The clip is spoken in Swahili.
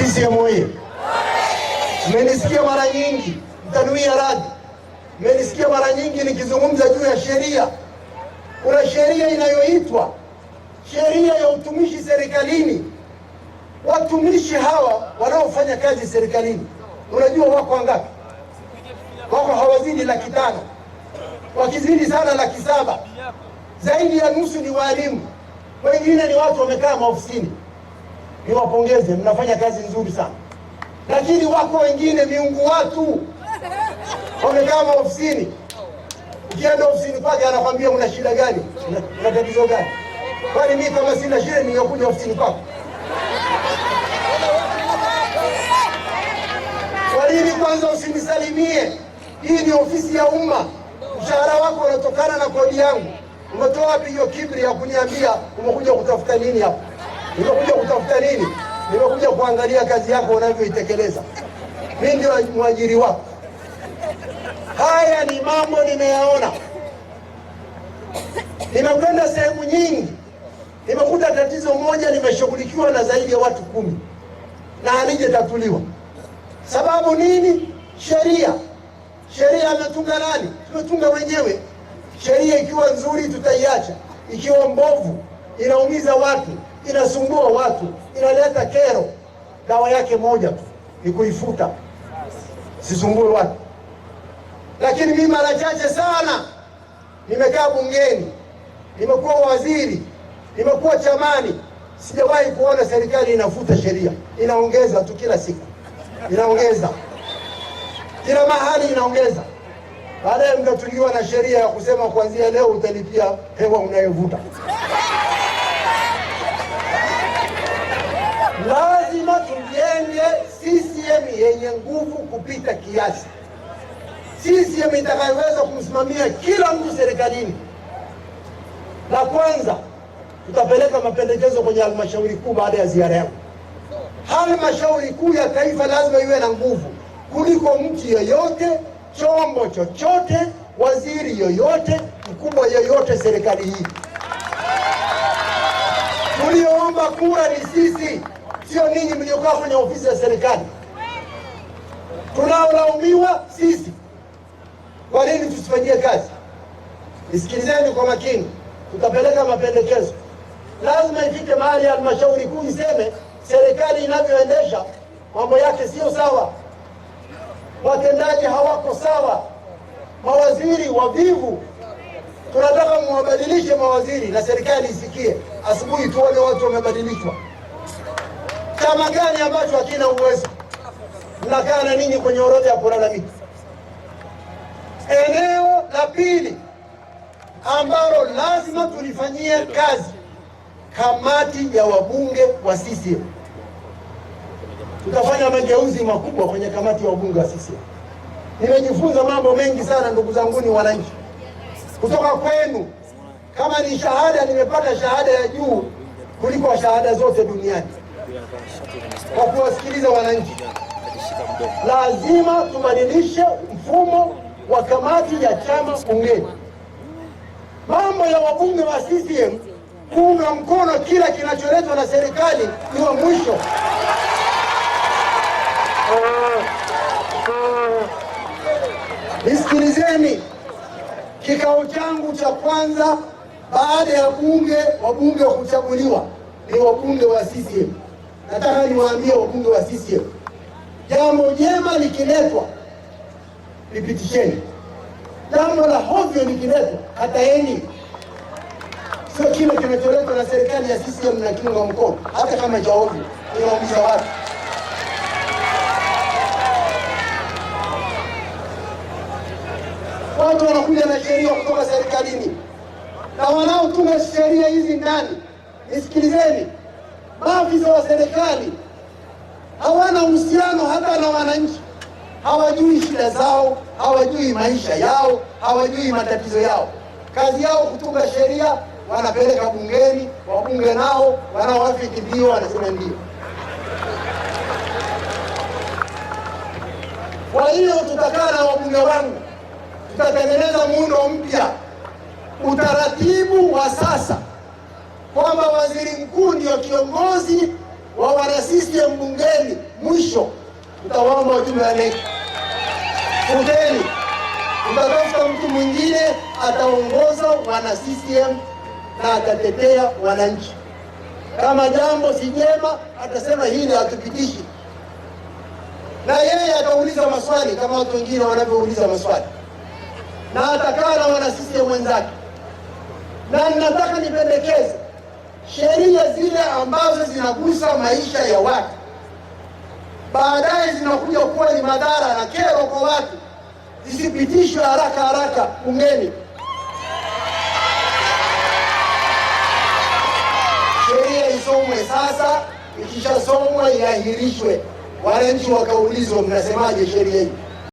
CCM oye! Mmenisikia mara nyingi, mtanuia radi Mmenisikia mara nyingi nikizungumza juu ya sheria. Kuna sheria inayoitwa sheria ya utumishi serikalini. Watumishi hawa wanaofanya kazi serikalini, unajua wako wangapi? Wako hawazidi laki tano, wakizidi sana laki saba. Zaidi ya nusu ni waalimu, wengine ni watu wamekaa maofisini niwapongeze, mnafanya kazi nzuri sana, lakini wako wengine miungu watu wamekaa maofisini. Ukienda ofisini kwake anakwambia una shida gani, una tatizo gani? Kwani mi kama sina shida ningekuja ofisini kwako? Kwa nini kwanza usinisalimie? Hii ni ofisi ya umma, mshahara wako unatokana na kodi yangu. Umetoa wapi hiyo ya kuniambia umekuja kutafuta nini hapa? Nimekuja kutafuta nini? Nimekuja kuangalia kazi yako unavyoitekeleza. Mimi ndio mwajiri wako. Haya ni mambo nimeyaona, nimekwenda sehemu nyingi, nimekuta tatizo moja limeshughulikiwa na zaidi ya watu kumi na halijatatuliwa. Sababu nini? Sheria. Sheria ametunga nani? Tumetunga wenyewe. Sheria ikiwa nzuri tutaiacha, ikiwa mbovu inaumiza watu inasumbua watu, inaleta kero. Dawa yake moja tu ni kuifuta, sisumbue watu. Lakini mimi mara chache sana nimekaa bungeni, nimekuwa waziri, nimekuwa chamani, sijawahi kuona serikali inafuta sheria. Inaongeza tu kila siku, inaongeza kila mahali, inaongeza baadaye mtatungiwa na sheria ya kusema kuanzia leo utalipia hewa unayovuta. yenye nguvu kupita kiasi. CCM itakayoweza kumsimamia kila mtu serikalini. La kwanza, tutapeleka mapendekezo kwenye halmashauri kuu baada ya ziara yangu. Halmashauri kuu ya taifa lazima iwe na nguvu kuliko mtu yoyote, chombo chochote, waziri yoyote, mkubwa yoyote serikali hii. Tulioomba kura ni sisi, sio ninyi mliokaa kwenye ofisi ya serikali tunaolaumiwa sisi. Kwa nini tusifanyie kazi? Nisikilizeni kwa makini, tutapeleka mapendekezo. Lazima ifike mahali ya halmashauri kuu iseme serikali inavyoendesha mambo yake sio sawa, watendaji hawako sawa, mawaziri wavivu. Tunataka muwabadilishe mawaziri na serikali isikie. Asubuhi tuone watu wamebadilishwa. Chama gani ambacho hakina uwezo mnakaa na ninyi kwenye orodha ya kulalamika. Eneo la pili ambalo lazima tulifanyie kazi, kamati ya wabunge wa CCM. Tutafanya mageuzi makubwa kwenye kamati ya wabunge wa CCM. Nimejifunza mambo mengi sana, ndugu zanguni wananchi, kutoka kwenu. Kama ni shahada, nimepata shahada ya juu kuliko shahada zote duniani kwa kuwasikiliza wananchi lazima tubadilishe mfumo wa kamati ya chama bungeni. Mambo ya wabunge wa CCM kuunga mkono kila kinacholetwa na serikali ni wa mwisho. Nisikilizeni, kikao changu cha kwanza baada ya bunge wabunge wa kuchaguliwa ni wabunge wa CCM. Nataka niwaambie wabunge wa CCM Jambo jema likiletwa lipitisheni, jambo la hovyo likiletwa kataeni. Sio kile kinacholetwa na serikali ya CCM kiunga mkono, hata kama cha hovyo, unaumiza watu. Watu wanakuja na sheria kutoka serikalini na wanaotunga sheria hizi ndani, nisikilizeni, maafisa wa serikali hawana uhusiano hata na wananchi, hawajui shida zao, hawajui maisha yao, hawajui matatizo yao. Kazi yao kutunga sheria, wanapeleka bungeni, wabunge nao wanaoafiki ndio wanasema ndio. Kwa hiyo tutakaa na wabunge wangu, tutatengeneza muundo mpya, utaratibu wa sasa kwamba waziri mkuu ndio kiongozi wa wana CCM bungeni, mwisho mtawaomba wajumbe wa NEC, fungeni, mtatafuta mtu mwingine ataongoza wana CCM na atatetea wananchi. Kama jambo si jema, atasema hili hatupitishi, na yeye atauliza maswali kama watu wengine wanavyouliza maswali, na atakaa na wana CCM wenzake, na ninataka nipendekeze sheria zile ambazo zinagusa maisha ya watu, baadaye zinakuja kuwa ni madhara na kero kwa watu, zisipitishwe haraka haraka bungeni. Sheria isomwe sasa, ikishasomwa iahirishwe, wananchi wakaulizwa, mnasemaje sheria hii?